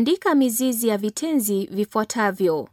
Andika mizizi ya vitenzi vifuatavyo.